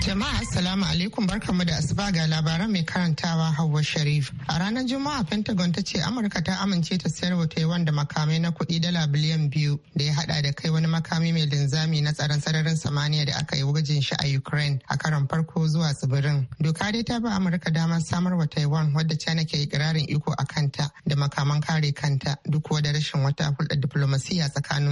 Jama'a Assalamu alaikum mu da asuba ga labaran mai karantawa Hauwa Sharif. A ranar Juma'a Pentagon ta ce Amurka ta amince ta sayar wa Taiwan da makamai na kuɗi dala biliyan biyu da ya hada da kai wani makami mai linzami na tsaron sararin samaniya da aka yi wajen shi a Ukraine a karon farko zuwa tsibirin. Doka dai ta ba Amurka damar samar wa Taiwan wadda China ke ikirarin iko a kanta da makaman kare kanta duk da rashin wata hulɗar diplomasiya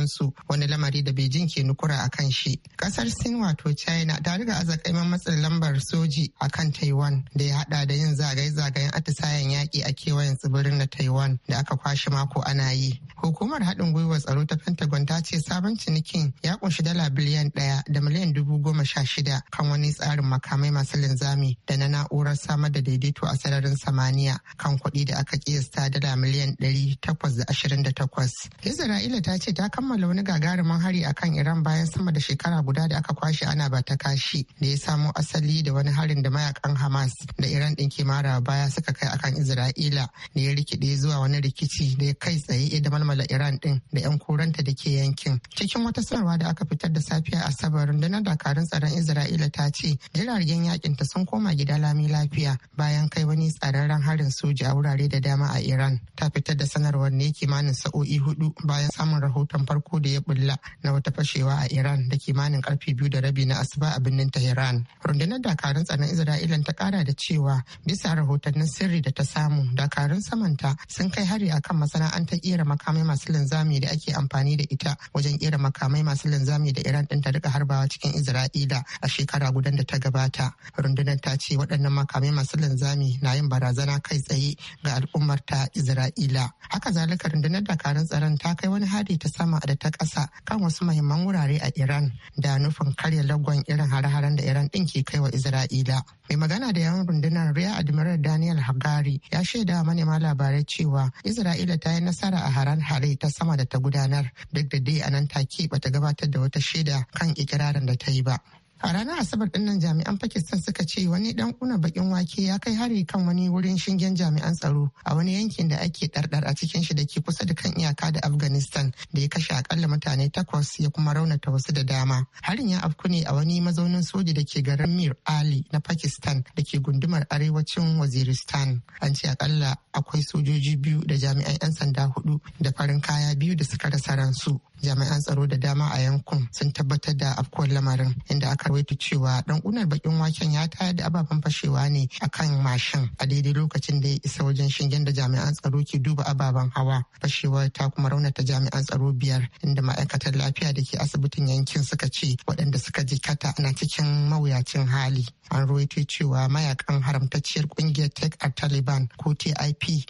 su. wani lamari da Beijing ke nukura a kan shi. Kasar Sin wato China ta riga azakai neman matsin lambar soji a kan Taiwan da ya hada da yin zagaye-zagayen atisayen yaƙi a kewayen tsibirin na Taiwan da aka kwashe mako ana yi. Hukumar haɗin gwiwar tsaro ta Pentagon ta ce sabon cinikin ya kunshi dala biliyan ɗaya da miliyan dubu goma sha shida kan wani tsarin makamai masu linzami da na na'urar samar da daidaito a sararin samaniya kan kuɗi da aka kiyasta dala miliyan ɗari takwas da ashirin da takwas. Isra'ila ta ce ta kammala wani gagarumin hari akan Iran bayan sama da shekara guda da aka kwashe ana ba ta kashi da ya samo asali da wani harin da mayakan Hamas da Iran din ke mara baya suka kai akan Isra'ila da ya rikide zuwa wani rikici da ya kai tsaye da malmala Iran ɗin da 'yan koranta da ke yankin. Cikin wata sanarwa da aka fitar da safiya Asabar rundunar dakarun tsaron Isra'ila ta ce jiragen yakin ta sun koma gida lami lafiya bayan kai wani tsararren harin soja a wurare da dama a Iran. Ta fitar da sanarwar ne kimanin sa'o'i hudu bayan samun rahoton farko da ya bulla na wata fashewa a Iran da kimanin karfe biyu da rabi na asuba a birnin Tehran. Rundunar dakarun tsaron Isra'ilan ta kara da cewa bisa rahotannin sirri da ta samu dakarun samanta sun kai hari akan masana'antar kera makamai masu linzami da ake amfani da ita wajen kera makamai masu linzami da Iran din ta rika harbawa cikin Isra'ila a shekara gudan da ta gabata. Rundunar ta ce waɗannan makamai masu linzami na yin barazana kai tsaye ga al'ummar ta Isra'ila. Haka zalika rundunar dakarun tsaron ta kai wani hari ta sama da ta ƙasa kan wasu mahimman wurare a Iran da nufin karya lagon irin har haren da Iran Iran ɗin ke wa Isra'ila. Mai magana da yawan rundunar Rear Admiral Daniel Hagari ya shaida manema labarai cewa Isra'ila ta yi nasara a haran hare ta sama da ta gudanar duk da dai a nan take bata gabatar da wata shaida kan ikirarin da ta yi ba. A ranar Asabar din jami'an Pakistan suka ce wani dan kuna bakin wake ya kai hari kan wani wurin shingen jami'an tsaro a wani yankin da ake dardar a cikin shi da ke kusa da kan iyaka da Afghanistan da ya kashe akalla mutane takwas ya kuma raunata wasu da dama. Harin ya afku ne a wani mazaunin soji da ke garin Mir Ali na Pakistan da ke gundumar arewacin Waziristan. An ce akalla akwai sojoji biyu da jami'an 'yan sanda hudu da farin kaya biyu da suka rasa ransu. Jami'an tsaro da dama a yankun sun tabbatar da afkuwar lamarin inda aka aka cewa dan unar bakin waken ya tayar da ababen fashewa ne a kan mashin a daidai lokacin da ya isa wajen shingen da jami'an tsaro ke duba ababen hawa fashewa ta kuma raunata jami'an tsaro biyar inda ma'aikatar lafiya da ke asibitin yankin suka ce waɗanda suka jikata na cikin mawuyacin hali an rawaito cewa mayakan haramtacciyar kungiyar tek a taliban ko tip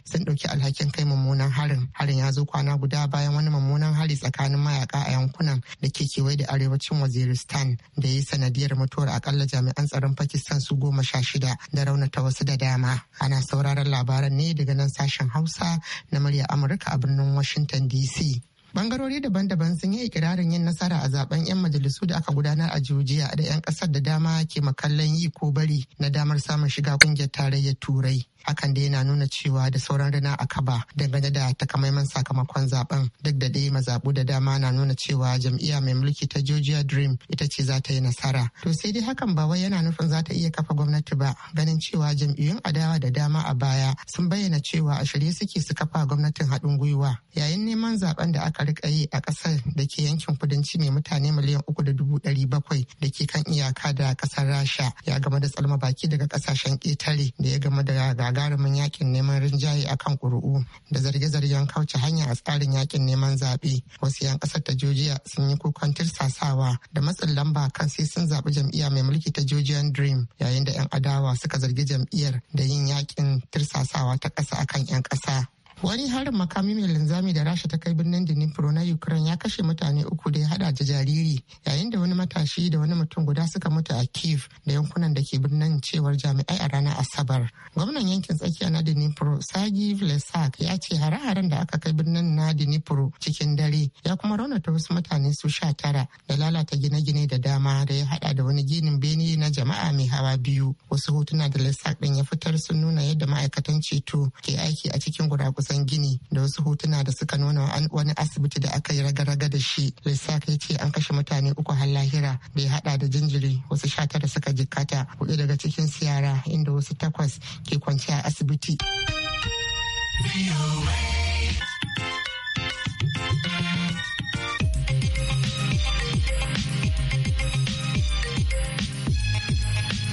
sun ɗauki alhakin kai mummunan harin harin ya zo kwana guda bayan wani mummunan hari tsakanin mayaka a yankunan da ke kewaye da arewacin waziristan da ya yi biyar mutuwar akalla jami'an tsaron Pakistan su goma sha shida da raunata wasu da dama. Ana sauraron labaran ne daga nan sashen Hausa na murya Amurka a birnin Washington DC. bangarori daban-daban sun yi ikirarin yin nasara a zaben 'yan majalisu da aka gudanar a jujiya da 'yan kasar da dama ke makallan yi ko bari na damar samun shiga kungiyar tarayyar turai hakan dai yana nuna cewa da sauran rana a kaba dangane da takamaiman sakamakon zaben duk da dai mazabu da dama na nuna cewa jam'iyya mai mulki ta Georgia Dream ita ce za ta yi nasara. To sai dai hakan ba wai yana nufin za ta iya kafa gwamnati ba ganin cewa jam'iyyun adawa da dama a baya sun bayyana cewa a shirye suke su kafa gwamnatin haɗin gwiwa yayin neman zaben da aka rika yi a ƙasar da ke yankin kudanci mai mutane miliyan uku da dubu ɗari bakwai da ke kan iyaka da ƙasar Rasha ya gama da tsalma baki daga ƙasashen ƙetare da ya gama da gagarumin yakin neman rinjaye akan ƙuri'u da zarge-zargen kauce hanya a tsarin yakin neman zaɓe wasu 'yan ƙasar ta jojiya sun yi kukan tirsasawa da matsin lamba kan sai sun zaɓi jam'iyya mai mulki ta jojiyan dream yayin da 'yan adawa suka zargi jam'iyyar da yin yakin tirsasawa ta ƙasa akan 'yan ƙasa wani harin makami mai linzami da rasha ta kai birnin dnipro na ukraine ya kashe mutane uku da ya hada da jariri yayin da wani matashi da wani mutum guda suka mutu a kiev da yankunan da ke birnin cewar jami'ai a ranar asabar gwamnan yankin tsakiya na dnipro sagi vlesak ya ce hare-haren da aka kai birnin na dnipro cikin dare ya kuma raunata wasu mutane su sha tara da lalata gine-gine da dama da ya hada da wani ginin bene na jama'a mai hawa biyu wasu hotuna da lesak din ya fitar sun nuna yadda ma'aikatan ceto ke aiki a cikin guragusa kwatsan gini da wasu hotuna da suka nuna wani asibiti da aka yi raga-raga da shi lissafi ya ce an kashe mutane uku har lahira da ya hada da jinjiri wasu sha tara suka jikata hudu daga cikin siyara inda wasu takwas ke kwance a asibiti.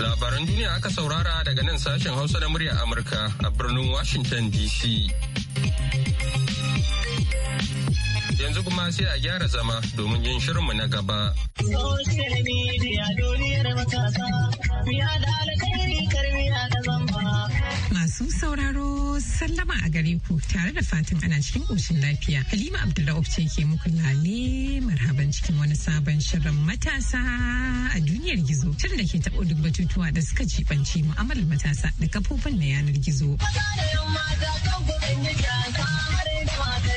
Labaran duniya aka saurara daga nan sashen Hausa na murya Amurka a birnin Washington DC. yanzu kuma sai a gyara zama domin yin shirinmu na gaba. Masu sauraro sallama a gare ku tare da fatan ana cikin ƙoshin lafiya. Halima Abdullahi ce ke muku lale marhaban cikin wani sabon shirin matasa a duniyar gizo. Shirin da ke taɓo duk batutuwa da suka jibanci mu'amalar matasa da kafofin na yanar gizo. Maza da yamma da kan gudun da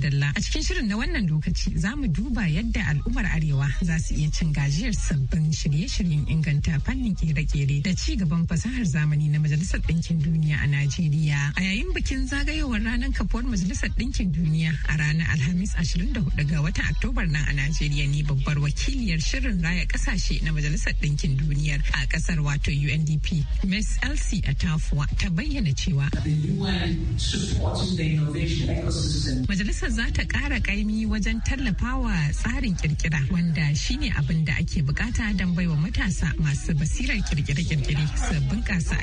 dalla A cikin shirin na wannan lokaci za mu duba yadda al'ummar Arewa za su iya cin gajiyar sabbin shirye-shiryen inganta fannin kere-kere da ci gaban fasahar zamani na Majalisar Ɗinkin Duniya a Najeriya. A yayin bikin zagayowar ranar kafuwar Majalisar Ɗinkin Duniya a ranar Alhamis 24 ga watan Oktobar nan a Najeriya ne babbar wakiliyar shirin raya kasashe na Majalisar Ɗinkin Duniyar a kasar wato UNDP. Ms. Elsie Atafuwa ta bayyana cewa. Majalisar za ta ƙara ƙaimi wajen tallafawa tsarin kirkira wanda shine abin da ake bukata don baiwa matasa masu basirar kirkire-kirkire su bunƙasa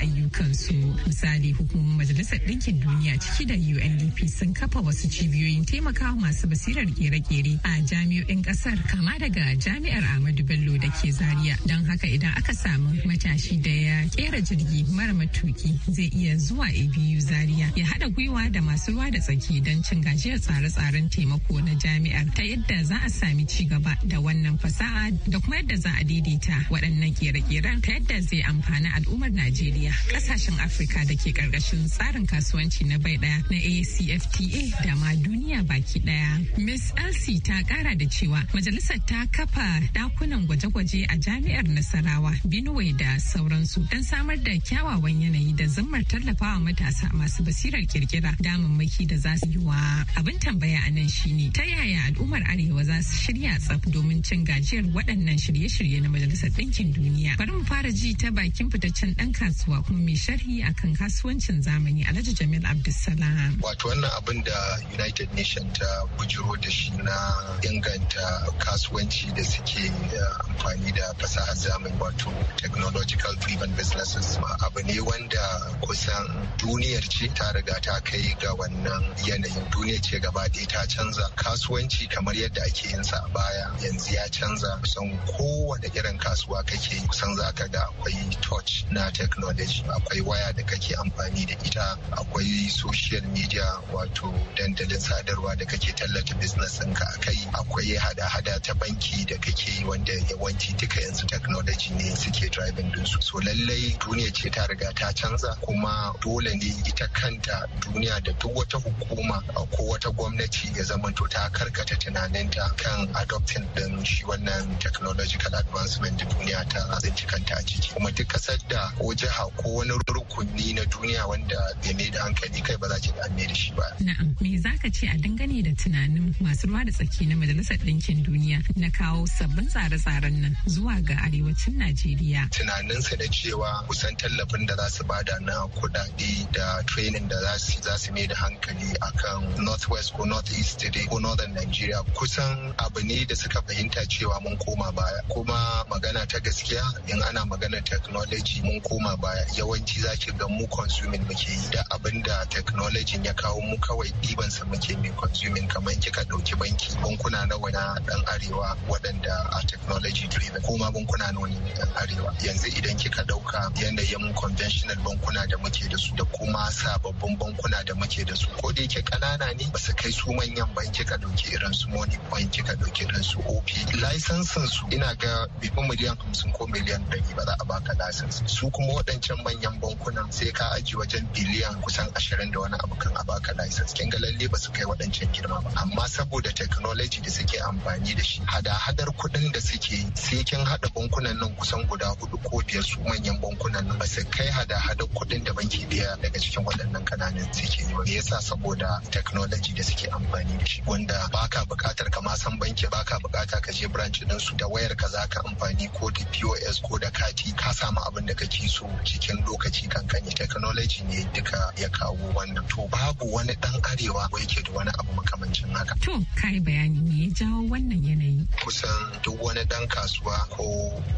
su Misali hukumar Majalisar Ɗinkin Duniya ciki da UNDP sun kafa wasu cibiyoyin taimakawa masu basirar kere-kere a jami'o'in ƙasar kama daga jami'ar Ahmadu Bello da ke Zaria. Don haka idan aka samu matashi da ya kera jirgi mara matuki zai iya zuwa ABU Zaria ya hada gwiwa da masu ruwa da tsaki don cin gajiyar tsare tsaron taimako na jami'ar ta yadda za a sami ci gaba da wannan fasaha da kuma yadda za a daidaita waɗannan kere-keren ta yadda zai amfana al'ummar Najeriya ƙasashen Afirka da ke ƙarƙashin tsarin kasuwanci na bai ɗaya na ACFTA da ma duniya baki ɗaya. Miss Elsie ta ƙara da cewa majalisar ta kafa ɗakunan gwaje-gwaje a jami'ar Nasarawa, Benue da sauransu don samar da kyawawan yanayi da zammar tallafawa matasa masu basirar kirkira damammaki da za su yi wa abin tambaya tambaya a nan shine ta yaya al'ummar Arewa za su shirya tsaf domin cin gajiyar waɗannan shirye-shirye na Majalisar Ɗinkin Duniya. Bari mu fara ji ta bakin fitaccen ɗan kasuwa kuma mai sharhi akan kasuwancin zamani Alhaji Jamil Abdulsalam. Wato wannan abin da United Nation ta bujiro da shi na inganta kasuwanci da suke eh, amfani da fasahar zamani wato technological driven businesses abu ne wanda kusan duniyar ce ta riga ta kai ga wannan yanayin duniya ce gaba dai ta canza kasuwanci kamar yadda ake yin sa a baya yanzu ya canza kusan kowane irin kasuwa kake kusan za ka ga akwai touch na technology akwai waya da kake amfani da ita akwai social media wato dandalin sadarwa da kake tallata business ka a kai akwai hada-hada ta banki da kake wanda yawanci duka yanzu technology ne suke driving su so lallai duniya ce ta riga ta canza kuma dole ne ita kanta duniya da duk wata hukuma ko wata gwamnati gwamnati ya zamanto ta karkata tunaninta kan adoptin din shi wannan technological advancement da duniya ta tsinci kanta a ciki kuma duk kasar da ko jiha ko wani rukunni na duniya wanda bai mai da hankali kai ba za ki da da shi ba. Na'am me za ka ce a dangane da tunanin masu ruwa da tsaki na majalisar ɗinkin duniya na kawo sabbin tsare-tsaren nan zuwa ga arewacin Najeriya. tunanin sa na cewa kusan tallafin da za su bada na kuɗaɗe da training da za su mai da hankali akan northwest ko north east today ko northern nigeria kusan abu ne da suka fahimta cewa mun koma baya kuma magana ta gaskiya in ana magana technology mun koma baya yawanci zaki ga mu consuming muke yi da abin da technology ya kawo mu kawai ɗiban sa muke mai consuming kamar kika ɗauki banki bankuna nawa na ɗan arewa waɗanda a technology driven kuma ma bankuna nawa ne ɗan arewa yanzu idan kika ɗauka yanayin conventional bankuna da muke da su da kuma sababbin bankuna da muke da su ko da yake ƙanana ne ba su kai su manyan banki ka ɗauki irin su money point ka ɗauki irin su op license su ina ga bifin miliyan hamsin ko miliyan ɗari ba za a baka license su kuma waɗancan manyan bankunan sai ka aji wajen biliyan kusan ashirin da wani abu kan a baka license kin ga lalle ba su kai waɗancan girma ba amma saboda technology da suke amfani da shi hada-hadar kuɗin da suke sai kin haɗa bankunan nan kusan guda hudu ko biyar su manyan bankunan nan ba su kai hada-hadar kuɗin da banki biya daga cikin waɗannan kananan suke yi ba yasa saboda technology da suke ake amfani da shi wanda baka buƙatar ka ma san banki baka buƙata ka je branch din su da wayar ka zaka amfani ko da POS ko da kati ka samu abin da kake so cikin lokaci kankani technology ne duka ya kawo wannan to babu wani dan arewa ko yake da wani abu makamancin haka to kai bayani me ya jawo wannan yanayi kusan duk wani dan kasuwa ko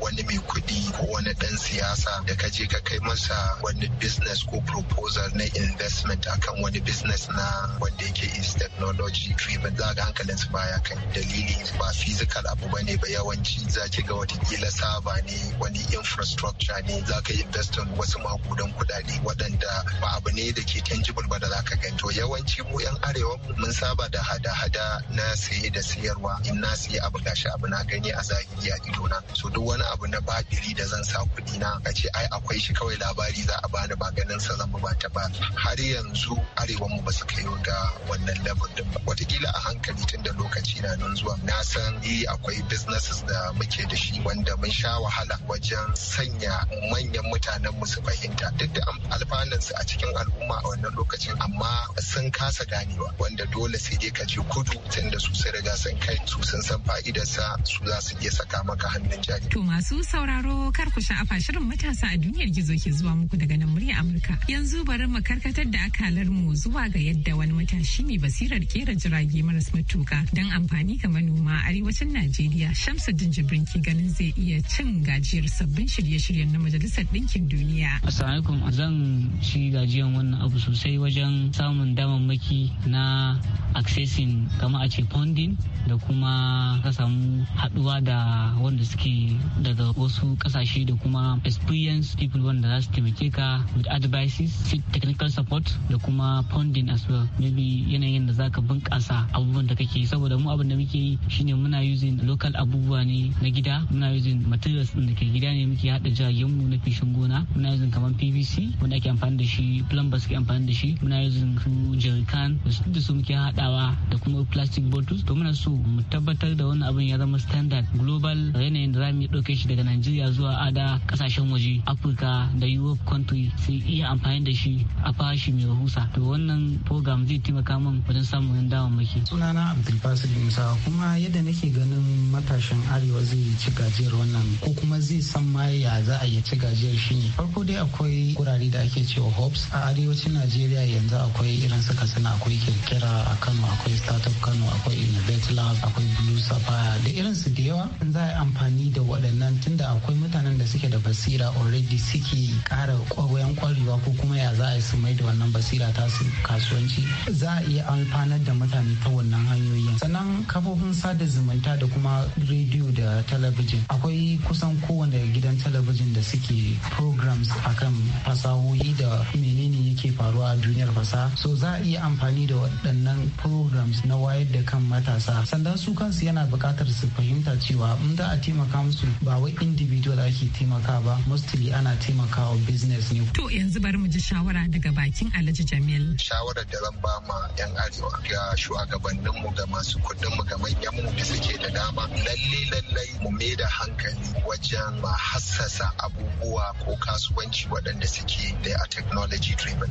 wani mai kuɗi ko wani dan siyasa da ka je ka kai masa wani business ko proposal na investment akan wani business na wanda yake instead technology driven za ga hankalin su baya kan dalili ba physical abu bane ba yawanci za ki ga watakila saba ne wani infrastructure ne za ka investin wasu makudan kudade waɗanda ba abu ne da ke tangible ba da za ka ganto yawanci mu yan arewa mun saba da hada-hada na saye da sayarwa in na saye abu gashi abu na gani a zahiri a ido na so duk wani abu na batiri da zan sa kuɗi na a ce ai akwai shi kawai labari za a bani ba ganin sa zan ba ta ba har yanzu arewa mu ba su kai ga wannan level Wataƙila watakila a hankali tun da lokaci na nan zuwa na san yi eh, akwai businesses da muke da shi wanda mun sha wahala wajen sanya manyan mutanen musu fahimta duk da alfanan su a cikin al'umma a wannan lokacin amma sun kasa ganewa wanda dole sai dai ka je kudu tun da su sun riga sun kai su sun san fa'idarsa su za su iya saka maka hannun jari. To masu sauraro kar ku sha'afa shirin matasa a duniyar gizo ke zuwa muku daga nan murya Amurka. Yanzu bari mu karkatar da akalar mu zuwa ga yadda wani matashi mai basira hukumar kera jirage maras matuka don amfani ga manoma arewacin Najeriya shamsa Jibrin ke ganin zai iya cin gajiyar sabbin shirye-shiryen na Majalisar Ɗinkin Duniya. Assalamu zan ci gajiyan wannan abu sosai wajen samun damammaki na accessing kama a ce funding da kuma ka samu haduwa da wanda suke daga wasu kasashe da kuma experience people wanda za su taimake ka with advices technical support da kuma funding as well maybe yanayin da za ka bunƙasa abubuwan da kake saboda mu abin da muke yi shine muna using local abubuwa ne na gida muna using materials din da ke gida ne muke hada jiragen mu na fishin gona muna using kamar PVC wanda ake amfani da shi plumbers ke amfani da shi muna using su jerrycan da su da su muke haɗawa da kuma plastic bottles to muna so mu tabbatar da wannan abin ya zama standard global yanayin da za mu ɗauke shi daga Najeriya zuwa ada kasashen waje Afirka da Europe country sai iya amfani da shi a fashi mai rahusa to wannan program zai taimaka min wajen samun samun damammaki. Sunana Abdulfasir Musa kuma yadda nake ganin matashin Arewa zai ci gajiyar wannan ko kuma zai san ma ya za a yi ci gajiyar shi ne. Farko dai akwai wurare da ake cewa hops a arewacin Najeriya yanzu akwai irin su Katsina akwai Kirkira a Kano akwai Startup Kano akwai Innovate Lab akwai Blue Sapphire da irin su da yawa za a amfani da waɗannan tunda akwai mutanen da suke da basira already suke ƙara ƙwayoyin ƙwarewa ko kuma ya za a yi su mai da wannan basira ta su kasuwanci za a iya amfani amfanar da mutane ta wannan hanyoyin sannan kafofin sada zumunta da kuma rediyo da talabijin akwai kusan kowane gidan talabijin da suke programs akan fasahohi da menene yake faruwa a duniyar fasaha so za a iya amfani da waɗannan programs na wayar da kan matasa sannan su kansu yana buƙatar su fahimta cewa in za a taimaka musu ba wai individual ake taimaka ba mostly ana taimakawa business ne to yanzu bari mu ji shawara daga bakin Alhaji Jamil shawara da zan ba ma yan arewa ga shugabannin mu ga masu kuɗin mu ga manyan mu da suke da dama lalle lalle mu mai da hankali wajen ma hassasa abubuwa ko kasuwanci waɗanda suke da a technology driven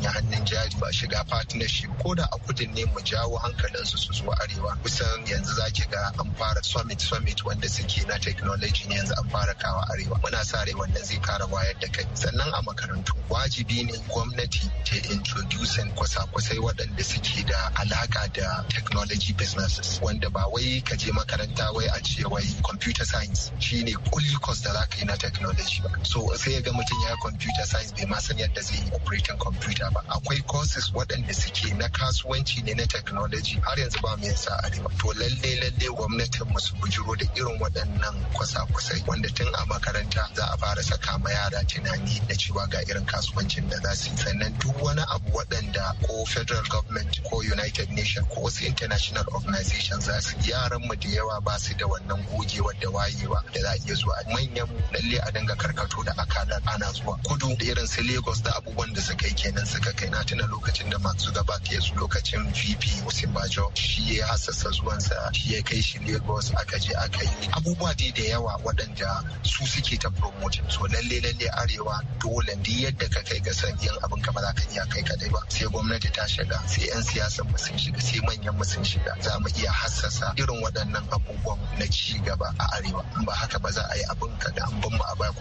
ya hannun jari ba shiga partnership ko da a kudin ne mu jawo hankalin su zo arewa kusan yanzu zaki ga an fara summit summit wanda suke na technology ne yanzu an fara kawa arewa muna sa rai wanda zai kara wayar da kai sannan a makarantu wajibi ne gwamnati ta introducing kwasa-kwasai waɗanda suke da alaka da technology businesses wanda ba wai ka je makaranta wai a ce wai computer science shine kulli course da za ka yi na technology ba so sai ga mutum ya computer science bai ma san yadda zai yi operating computer ba akwai courses waɗanda suke na kasuwanci ne na technology har yanzu ba mu yasa arewa to lalle lalle gwamnatin mu su bujiro da irin waɗannan kwasa-kwasai wanda tun a makaranta za a fara saka ma yara tunani da cewa ga irin kasuwancin da za su yi sannan duk wani abu waɗanda ko federal government ko united nation ko wasu international organization za su yaran mu da yawa ba su da wannan gogewa da wayewa da za a iya zuwa manyan lalle a dinga karkato da akalar ana zuwa kudu da irin su lagos da abubuwan da suka yi kenan suka kai na tuna lokacin da Mark Zuckerberg ya su lokacin VP bajo shi ya hasasa zuwansa shi ya kai shi Lagos aka je aka yi abubuwa dai da yawa waɗanda su suke ta promotin. so lalle lalle arewa dole duk yadda ka kai ga sanyin abin gaba zaka za ka iya kai kadai ba sai gwamnati ta shiga sai yan siyasan mu sun shiga sai manyan mu sun shiga za mu iya hasassa irin waɗannan abubuwan na ci gaba a arewa in ba haka ba za a yi abin ka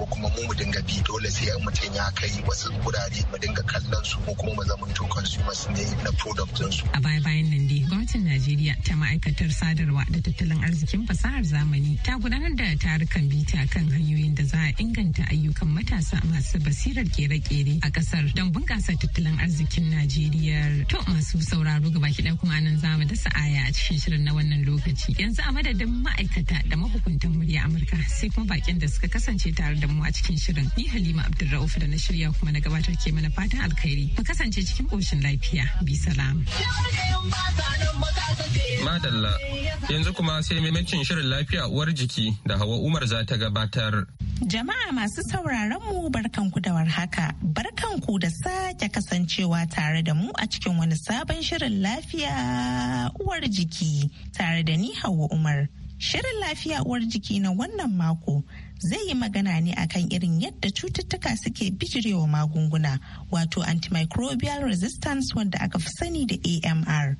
ko kuma mu mu dinga bi dole sai mutum ya kai wasu gurare mu dinga kallon su ko kuma mu zamanto consumers ne na product su. A baya-bayan nan dai gwamnatin Najeriya ta ma'aikatar sadarwa da tattalin arzikin fasahar zamani ta gudanar da tarukan bita kan hanyoyin da za a inganta ayyukan matasa masu basirar kere-kere a kasar don bunkasa tattalin arzikin Najeriya. To masu sauraro gaba kiɗa kuma nan za mu dasa aya a cikin shirin na wannan lokaci. Yanzu a madadin ma'aikata da mahukuntan murya Amurka sai kuma bakin da suka kasance tare da da mu a cikin shirin. Ni Halima Abdulrauf da na shirya kuma na gabatar ke mana fatan alkhairi. Mu kasance cikin ƙoshin lafiya. Bi salam. Madalla. Yanzu kuma sai maimakon shirin lafiya uwar jiki da Hawa Umar za ta gabatar. Jama'a masu sauraron mu barkanku da warhaka. Barkanku da sake kasancewa tare da mu a cikin wani sabon shirin lafiya uwar jiki tare da ni Hawa Umar. Shirin lafiya uwar jiki na wannan mako zai yi magana ne akan irin yadda cututtuka suke bijirewa magunguna wato antimicrobial resistance wanda aka fi sani da amr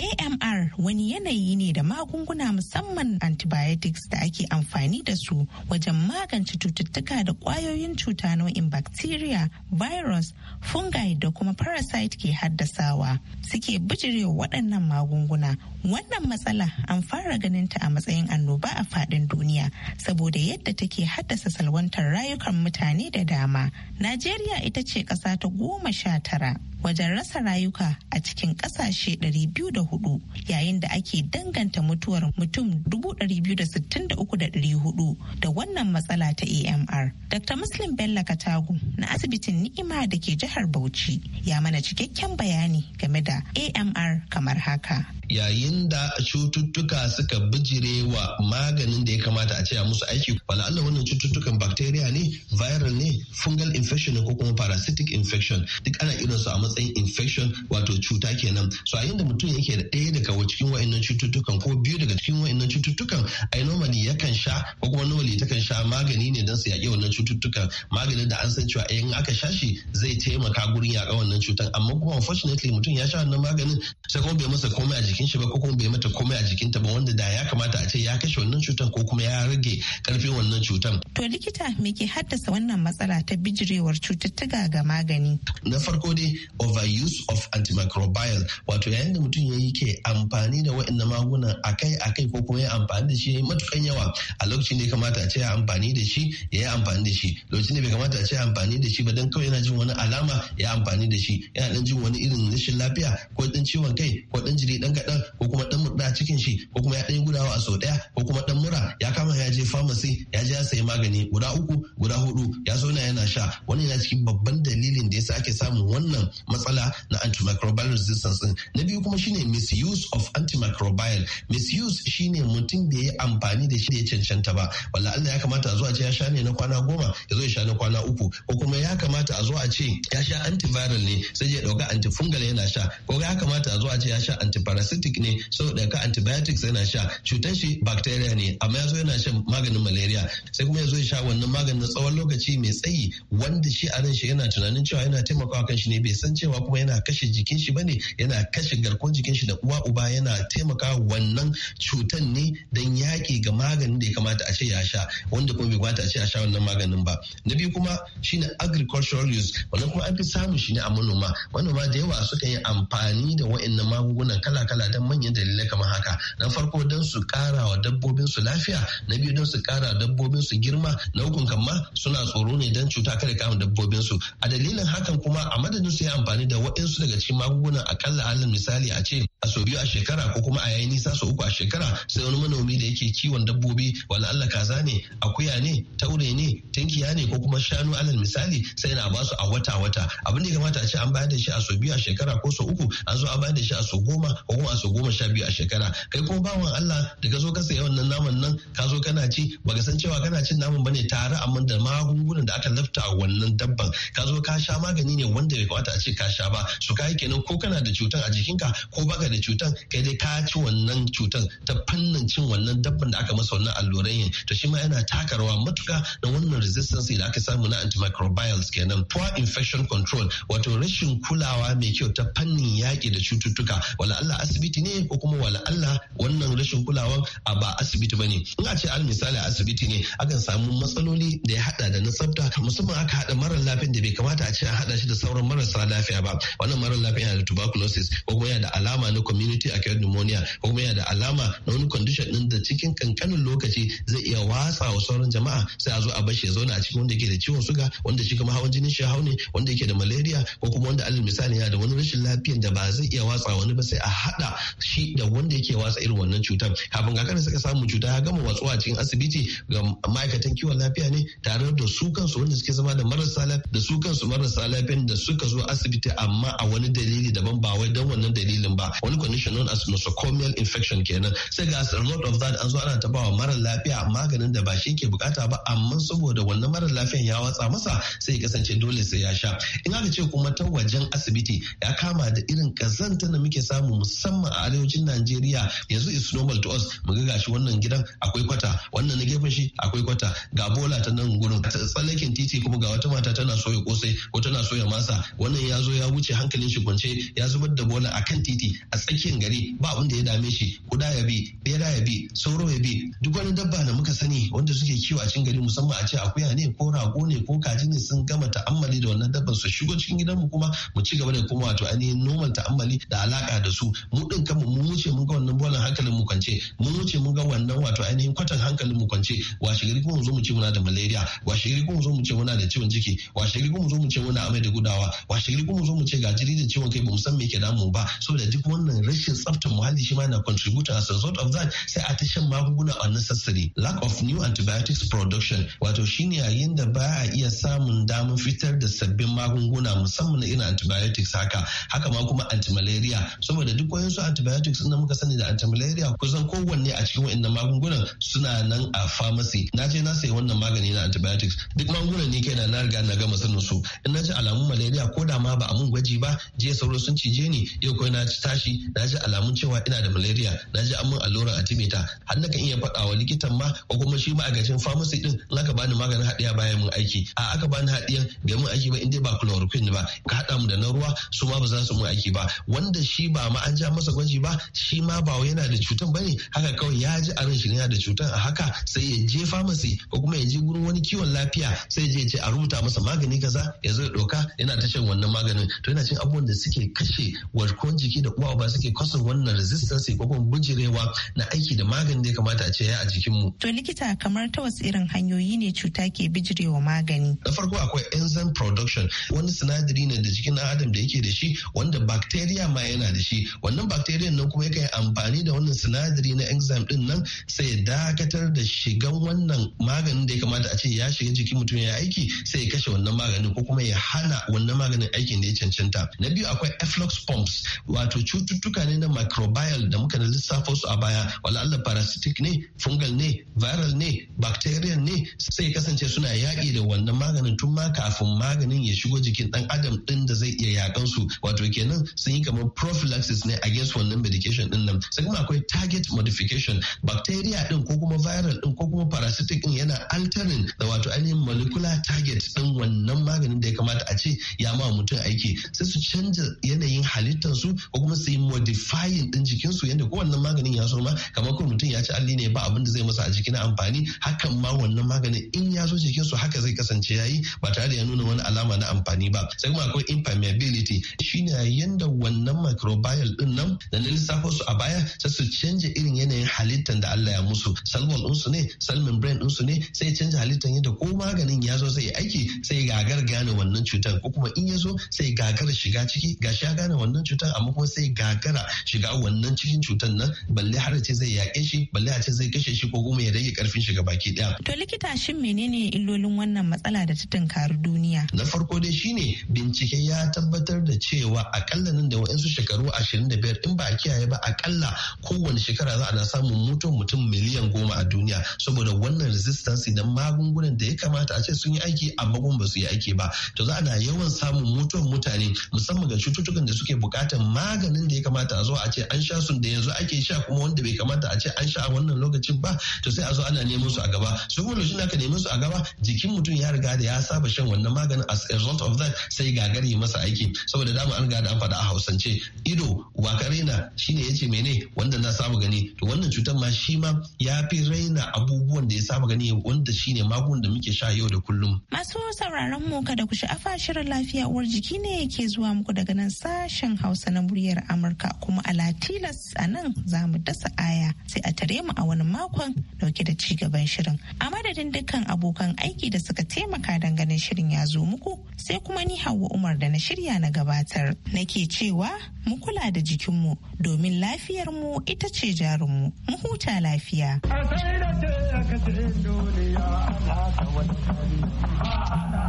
AMR wani yanayi ne da magunguna musamman antibiotics da ake amfani da su wajen magance cututtuka da ƙwayoyin cuta nau'in bacteria, virus, fungi da kuma parasite ke haddasawa suke bijirewa waɗannan magunguna. Wannan matsala an fara ganin ta a matsayin annoba a faɗin duniya saboda yadda take haddasa salwantar rayukan mutane da dama. Najeriya ita ce ƙasa ta goma sha tara. wajen rasa rayuka a cikin ƙasashe 204 yayin da ake danganta mutuwar mutum 263,400 da wannan matsala ta amr dr muslim bello katagu na asibitin ni'ima da ke jihar bauchi ya mana cikakken bayani game da amr kamar haka yayin da cututtuka suka bijire wa maganin da ya kamata a ce musu aiki wala Allah wannan cututtukan bacteria ne viral ne fungal infection ne ko kuma parasitic infection duk ana irin su a matsayin infection wato cuta kenan so yayin da mutum yake da ɗaya daga cikin wa'annan cututtukan ko biyu daga cikin wa'annan cututtukan ai normally kan sha ko kuma normally kan sha magani ne don su yaƙi wannan cututtukan maganin da an san cewa eh, in aka sha shi zai taimaka gurin yaƙa wannan cutan amma kuma unfortunately mutum ya sha wannan maganin sai kuma bai masa komai a jikin jikin shi ba ko kuma bai mata komai a jikinta ba wanda da ya kamata a ce ya kashe wannan cutan ko kuma ya rage karfin wannan cutan. To likita me ke haddasa wannan matsala ta bijirewar cututtuka ga magani? Na farko dai overuse of antimicrobial wato yayin da mutum ya yi ke amfani da waɗannan magunan akai akai ko kuma ya amfani da shi ya yi matukan yawa a lokacin da ya kamata a ce ya amfani da shi ya yi amfani da shi lokacin da bai kamata a ce ya amfani da shi ba dan kawai yana jin wani alama ya amfani da shi yana dan jin wani irin rashin lafiya ko dan ciwon kai ko dan jiri dan kaɗan kan ko kuma dan murda a cikin shi ko kuma ya dan gudawa a sau ɗaya ko kuma dan mura ya kama ya je famasi ya je ya sayi magani guda uku guda hudu ya na yana sha wani yana cikin babban dalilin da yasa ake samun wannan matsala na antimicrobial resistance na biyu kuma shine misuse of antimicrobial misuse shine mutum bai yi amfani da shi da ya cancanta ba walla Allah ya kamata a zo a ce ya sha ne na kwana goma ya zo ya sha na kwana uku ko kuma ya kamata a zo a ce ya sha antiviral ne sai ya dauka antifungal yana sha ko ya kamata a zo a ce ya sha antiparasitic parasitic ne da ka antibiotics yana sha cutar shi bacteria ne amma ya zo yana shan maganin malaria sai kuma ya zo ya sha wannan maganin tsawon lokaci mai tsayi wanda shi a ran shi yana tunanin cewa yana taimakawa kan shi ne bai san cewa kuma yana kashe jikin shi bane yana kashe garkuwar jikin shi da uwa uba yana taimakawa wannan cutan ne dan yaki ga maganin da ya kamata a ce ya sha wanda kuma bai kamata a ce ya sha wannan maganin ba na biyu kuma shine agricultural use wannan kuma an fi samu shi ne a manoma manoma da yawa suka yi amfani da waɗannan magungunan kala-kala matsala don manyan dalilai kamar haka na farko don su kara wa dabbobin su lafiya na biyu don su kara dabbobin su girma na ukun kamma suna tsoro ne don cuta kada kama dabbobin su a dalilin hakan kuma a madadin su yi amfani da waɗansu daga cikin magungunan akalla alal misali a ce a sau biyu a shekara ko kuma a yayi nisa sau uku a shekara sai wani manomi da yake kiwon dabbobi wala Allah kaza ne akuya ne taure ne tinkiya ne ko kuma shanu alal misali sai ba basu a wata wata abin da ya kamata a ce an bayar da shi a sau biyu a shekara ko sau uku an zo a bayar da shi a sau goma ko kuma ba su goma sha biyu a shekara kai kuma bawan Allah da ka zo ka saya wannan naman nan ka zo kana ci baka san cewa kana cin naman bane tare amma da magungunan da aka lafta a wannan dabban ka zo ka sha magani ne wanda bai kamata a ce ka sha ba su kai kenan ko kana da cutan a jikinka ko baka da cutan kai dai ka ci wannan cutan ta fannin cin wannan dabban da aka masa wannan alluran yin to shi ma yana taka rawa matuka da wannan resistance da aka samu na antimicrobials kenan poor infection control wato rashin kulawa mai kyau ta fannin yaƙi da cututtuka wala Allah asibiti asibiti ne ko kuma wala Allah wannan rashin kulawan a ba asibiti bane in a ce al misali asibiti ne akan samu matsaloli da ya hada da na tsafta musamman aka hada mara lafiyan da bai kamata a ce an hada shi da sauran marasa lafiya ba wannan mara lafiya yana da tuberculosis ko kuma yana da alama na community acute pneumonia ko kuma yana da alama na wani condition din da cikin kankanin lokaci zai iya watsa wa sauran jama'a sai a zo a bashi ya zauna a cikin wanda yake da ciwon suga wanda shi kuma hawan jinin shi hau ne wanda yake da malaria ko kuma wanda al misali yana da wani rashin lafiyan da ba zai iya watsa wani ba sai a hada shi da wanda yake watsa irin wannan cutar kafin kakar suka samu cuta ya gama watsu a cikin asibiti ga ma'aikatan kiwon lafiya ne tare da su kansu wanda suke zama da marasa lafiya da su kansu marasa lafiyan da suka zo asibiti amma a wani dalili daban ba wai don wannan dalilin ba wani condition known as nosocomial infection kenan sai ga as a result of that an zo ana tabawa mara lafiya maganin da ba shi ke bukata ba amma saboda wannan mara lafiyan ya watsa masa sai kasance dole sai ya sha in aka ce kuma ta wajen asibiti ya kama da irin kazanta da muke samu musamman musamman a arewacin Najeriya yanzu is normal to us mu ga gashi wannan gidan akwai kwata wannan na gefen shi akwai kwata ga bola ta nan gurin tsallakin titi kuma ga wata mata tana soya kosai ko tana soya masa wannan ya zo ya wuce hankalin shi kwance ya zubar da bola akan titi a tsakiyar gari ba wanda ya dame shi kuda ya bi bera ya bi sauro ya bi duk wani dabba da muka sani wanda suke kiwo a cikin gari musamman a ce akuya ne ko rago ne ko kaji ne sun gama ta'ammali da wannan dabban su shigo cikin mu kuma mu ci gaba da kuma wato ainihin noman ta'ammali da alaka da su mu din kanmu mu wuce mun ga wannan bolan hankalin mu kwance mun wuce mun ga wannan wato ainihin kwatan hankalin mu kwance washe gari kuma mu zo mu ce muna da malaria washe gari kuma mu zo mu ce muna da ciwon ciki washe gari kuma mu zo mu ce muna amai da gudawa washe gari kuma mu zo mu ce ga jiri da ciwon kai ba mu san me yake damu ba saboda duk wannan rashin tsaftar muhalli shi ma na kontributan as a result of that sai a ta shan magunguna unnecessary lack of new antibiotics production wato shine yayin da ba a iya samun damar fitar da sabbin magunguna musamman na irin antibiotics haka haka ma kuma antimalaria saboda duk wayansu antibiotics na muka sani da antimalaria kusan kowanne a cikin wa'annan magungunan suna nan a pharmacy na je na sayi wannan magani na antibiotics duk magungunan ne kai na na riga na gama sanin su in na ji alamun malaria ko da ma ba a mun gwaji ba je sauro sun cije ni yau kai na ci tashi na ji alamun cewa ina da malaria na ji an mun alluran antimeta har na kan iya faɗa wa likitan ma ko kuma shi ma a ma'aikacin pharmacy din in aka bani maganin haɗiya bayan mun aiki a aka bani haɗiyan bai mun aiki ba in dai ba chloroquine ba ka haɗa mu da na ruwa su ma ba za su mun aiki ba wanda shi ba ma an ja masa gwaji ba shi ma ba yana da cutan ba ne haka kawai ya ji a shi yana da cutan a haka sai ya je famasi ko kuma ya je gurin wani kiwon lafiya sai ya je ce a rubuta masa magani kaza ya zo ya ɗauka yana ta shan wannan maganin to yana cin abubuwan da suke kashe warkon jiki da uwa ba suke kwaso wannan resistance ko kuma bujirewa na aiki da maganin da ya kamata a ce ya a jikin mu. To likita kamar ta wasu irin hanyoyi ne cuta ke bijirewa magani. Na farko akwai enzyme production wani sinadari ne da jikin adam da yake da shi wanda bacteria ma yana da shi wannan bacterium nan kuma yakan amfani da wannan sinadari na enzyme din nan sai ya dakatar da shigan wannan maganin da ya kamata a ce ya shiga jikin mutum ya aiki sai ya kashe wannan maganin ko kuma ya hana wannan maganin aikin da ya cancanta na biyu akwai efflux pumps wato cututtuka ne na microbial da muka lissafo su a baya wala Allah parasitic ne fungal ne viral ne bacterial ne sai kasance suna yaƙi da wannan maganin tun ma kafin maganin ya shigo jikin dan adam din da zai iya yakan su wato kenan sun yi kamar prophylaxis ne a against wannan medication din nan sai kuma akwai target modification bacteria din ko kuma viral din ko kuma parasitic din yana altering da wato ainihin molecular target din wannan maganin da ya kamata a ce ya ma mutum aiki sai su canza yanayin halittar su ko kuma su yi modifying din jikin su yanda ko wannan maganin ya so ma kamar ko mutum ya ci alli ne ba abin da zai masa a jiki na amfani hakan ma wannan maganin in ya zo jikin su haka zai kasance yayi ba tare da ya nuna wani alama na amfani ba sai kuma akwai impermeability shine yanda wannan microbial din nan da na lissafo su a baya sai su canja irin yanayin halittar da Allah ya musu cell wall ne cell membrane su ne sai ya canja halittar yadda ko maganin ya zo sai aiki sai gagar gane wannan cutar ko kuma in ya zo sai gagar shiga ciki gashi ya gane wannan cutar amma kuma sai gagara shiga wannan cikin cutar nan balle har ce zai yaƙe shi balle har ce zai kashe shi ko kuma ya rage karfin shiga baki daya. To likita shin menene illolin wannan matsala da ta tunkari duniya? Na farko dai shine bincike ya tabbatar da cewa akalla nan da wa'ansu shekaru 25 in ba a kiyaye ba akalla kowane shekara za a na samun mutuwar mutum miliyan goma a duniya saboda wannan resistance na magungunan da ya kamata a ce sun yi aiki amma kuma ba su yi aiki ba to za a na yawan samun mutuwar mutane musamman ga cututtukan da suke bukatar maganin da ya kamata a zo a ce an sha sun da yanzu ake sha kuma wanda bai kamata a ce an sha a wannan lokacin ba to sai a zo ana neman su a gaba su kuma lokacin da aka neman su a gaba jikin mutum ya riga da ya saba shan wannan maganin as a result of that sai gagari masa aiki saboda dama an riga da an faɗa a hausance ido wakar raina shine yace mene wanda na saba gani to wannan cutar ma shi ma ya fi raina abubuwan da ya saba gani wanda shine magun da muke sha yau da kullum masu sauraron mu kada ku sha'afa shirin lafiya uwar jiki ne yake zuwa muku daga nan sashen Hausa na muryar Amurka kuma a Latinas a nan za mu dasa aya sai a tare mu a wani makon dauke da ci gaban shirin a madadin dukkan abokan aiki da suka taimaka don ganin shirin ya zo muku sai kuma ni Hauwa Umar da na shirya na gabatar. Nake cewa mu kula da jikinmu domin lafiyarmu ita ce jarinmu. Mu huta lafiya.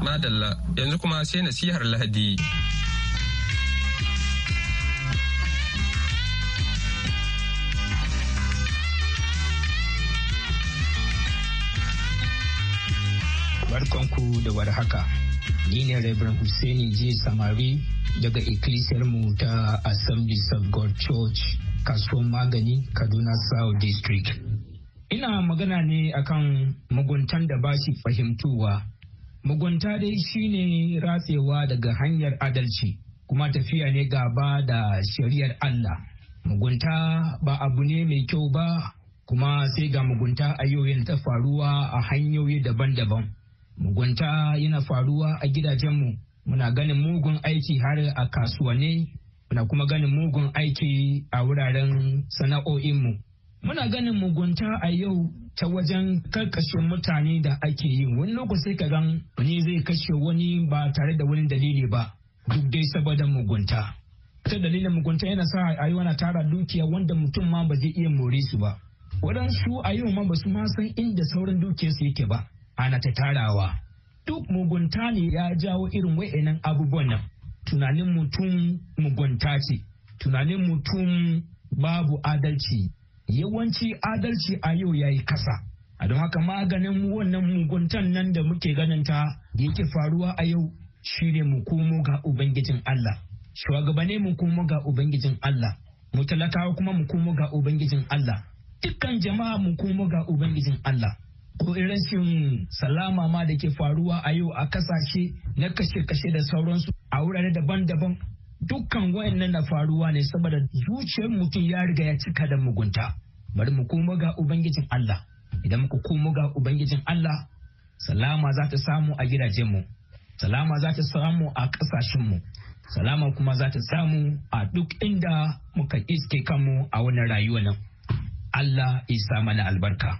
Madalla yanzu kuma sai nasihar Lahadi. barkanku da warhaka. ni ne Reverend Hussaini J. Samari daga ikkilisiyar mu ta Assemblies of God Church, kasuwan magani Kaduna South District. Ina magana ne akan muguntan da bashi fahimtuwa. Mugunta dai shine ratsewa daga hanyar adalci, kuma tafiya ne gaba da shari'ar Allah. Mugunta ba abu ne mai kyau ba, kuma sai ga mugunta ayoyin ta faruwa a hanyoyi daban-daban. Mugunta yana faruwa a gidajenmu, muna ganin mugun aiki har a kasuwanni, muna kuma ganin mugun aiki a wuraren sana'o'inmu. Muna ganin mugunta a yau ta wajen karkashin mutane da ake yi wani lokaci ka gan wani zai kashe wani ba tare da wani dalili ba duk dai saboda mugunta. Ta dalilin mugunta yana sa a yi wani tara dukiya wanda mutum ma ba zai iya more su ba. Wadansu a yau ma ba su ma san inda sauran dukiyarsu yake ba. ana ta tarawa duk mugunta ne ya jawo irin wa'inan abubuwan nan tunanin mutum mugunta ce tunanin mutum babu adalci yawanci adalci a yau ya yi kasa a don haka maganin wannan muguntan nan da muke ganin da yake faruwa a yau shi ne mu komo ga ubangijin Allah shugabane mu komo ga ubangijin Allah mu kuma mu komo ga ubangijin Allah dukkan jama'a mu komo ga ubangijin Allah ko irin salama ma da ke faruwa a yau a kasashe na kashe-kashe da sauransu a wurare daban-daban dukkan wayannan na faruwa ne saboda zuciyar mutum ya riga ya cika da mugunta bari mu koma ga ubangijin Allah idan muka koma ga ubangijin Allah salama za ta samu a mu salama za ta samu a mu salama kuma za ta samu a duk inda muka iske kanmu a wannan rayuwa nan Allah isa mana albarka